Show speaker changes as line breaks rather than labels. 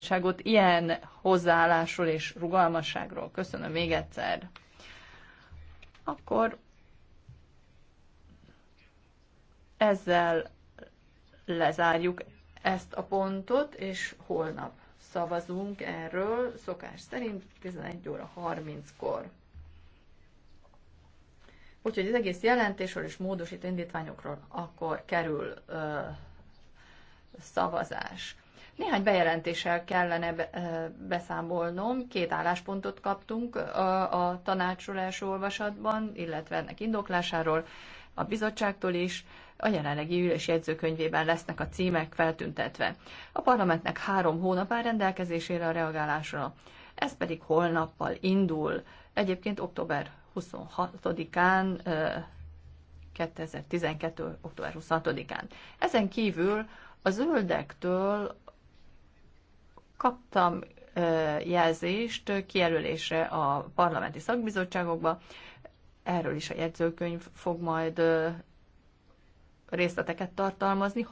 bizonyságot ilyen hozzáállásról és rugalmasságról. Köszönöm még egyszer. Akkor ezzel lezárjuk ezt a pontot, és holnap szavazunk erről, szokás szerint 11 óra 30-kor. Úgyhogy az egész jelentésről és módosít indítványokról akkor kerül szavazás. Néhány bejelentéssel kellene beszámolnom. Két álláspontot kaptunk a tanácsról első olvasatban, illetve ennek indoklásáról a bizottságtól is. A jelenlegi ülés jegyzőkönyvében lesznek a címek feltüntetve. A parlamentnek három hónap áll rendelkezésére a reagálásra, ez pedig holnappal indul. Egyébként október 26-án 2012. október 26-án. Ezen kívül a zöldektől kaptam jelzést kijelölésre a parlamenti szakbizottságokba. Erről is a jegyzőkönyv fog majd
részleteket tartalmazni.